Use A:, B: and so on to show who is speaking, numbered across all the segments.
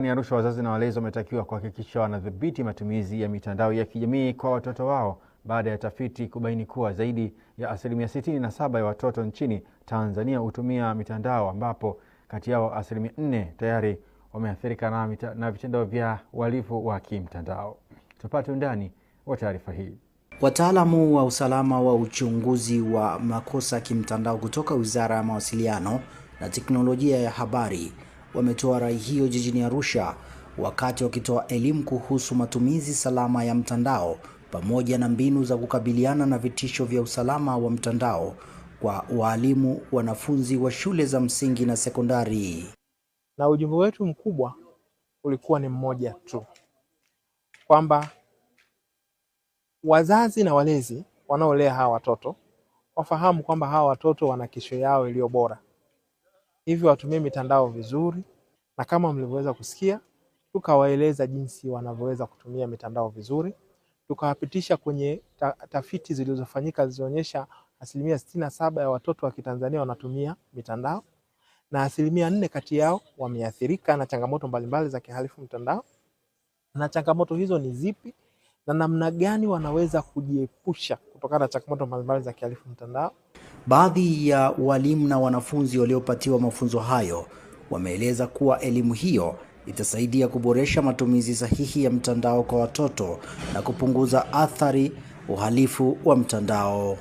A: Ni Arusha, wazazi na walezi wametakiwa kuhakikisha wanadhibiti matumizi ya mitandao ya kijamii kwa watoto wao baada ya tafiti kubaini kuwa zaidi ya asilimia sitini na saba ya watoto nchini Tanzania hutumia mitandao ambapo kati yao asilimia nne tayari wameathirika na, na vitendo vya uhalifu wa kimtandao. Tupate undani wa taarifa hii.
B: Wataalamu wa usalama wa uchunguzi wa makosa ya kimtandao kutoka Wizara ya Mawasiliano na Teknolojia ya Habari wametoa rai hiyo jijini Arusha wakati wakitoa elimu kuhusu matumizi salama ya mtandao pamoja na mbinu za kukabiliana na vitisho vya usalama wa mtandao kwa waalimu, wanafunzi wa shule za msingi na sekondari.
C: Na ujumbe wetu mkubwa ulikuwa ni mmoja tu, kwamba wazazi na walezi wanaolea hawa watoto wafahamu kwamba hawa watoto wana kesho yao iliyo bora hivyo watumie mitandao vizuri, na kama mlivyoweza kusikia, tukawaeleza jinsi wanavyoweza kutumia mitandao vizuri. Tukawapitisha kwenye ta tafiti zilizofanyika zilizoonyesha asilimia sitini na saba ya watoto wa Kitanzania wanatumia mitandao na asilimia nne kati yao wameathirika na changamoto mbalimbali za kihalifu mtandao. Na changamoto hizo ni zipi na namna gani wanaweza kujiepusha kutokana na changamoto mbalimbali za kihalifu mtandao?
B: Baadhi ya walimu na wanafunzi waliopatiwa mafunzo hayo wameeleza kuwa elimu hiyo itasaidia kuboresha matumizi sahihi ya mtandao kwa watoto na kupunguza athari uhalifu wa mtandao.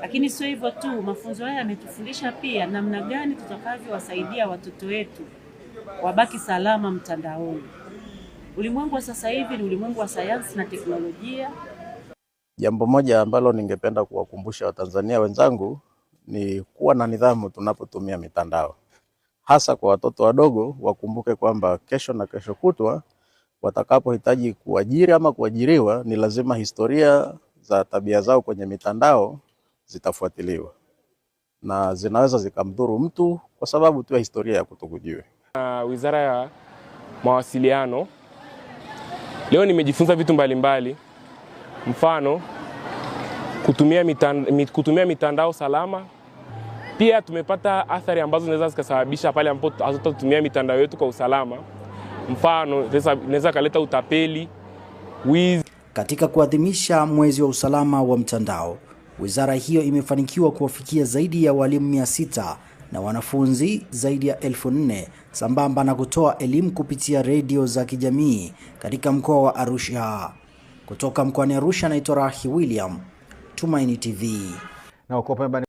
D: Lakini sio hivyo tu, mafunzo haya yametufundisha pia namna gani tutakavyowasaidia watoto wetu wabaki salama mtandaoni. Ulimwengu wa sasa hivi ni ulimwengu wa sayansi na teknolojia.
E: Jambo moja ambalo ningependa kuwakumbusha Watanzania wenzangu ni kuwa na nidhamu tunapotumia mitandao, hasa kwa watoto wadogo. Wakumbuke kwamba kesho na kesho kutwa watakapohitaji kuajiri ama kuajiriwa, ni lazima historia za tabia zao kwenye mitandao zitafuatiliwa na zinaweza zikamdhuru mtu kwa sababu tu ya historia ya kutokujue.
F: Na Wizara ya Mawasiliano leo nimejifunza vitu mbalimbali mbali mfano kutumia mitandao, kutumia mitandao salama. Pia tumepata athari ambazo zinaweza zikasababisha pale ambapo hatutatumia mitandao yetu kwa usalama, mfano inaweza kaleta utapeli, wizi.
B: Katika kuadhimisha mwezi wa usalama wa mtandao, wizara hiyo imefanikiwa kuwafikia zaidi ya walimu mia sita na wanafunzi zaidi ya elfu nne sambamba na kutoa elimu kupitia redio za kijamii katika mkoa wa Arusha. Kutoka mkoani Arusha, naitwa Rahi William, Tumaini TV. Na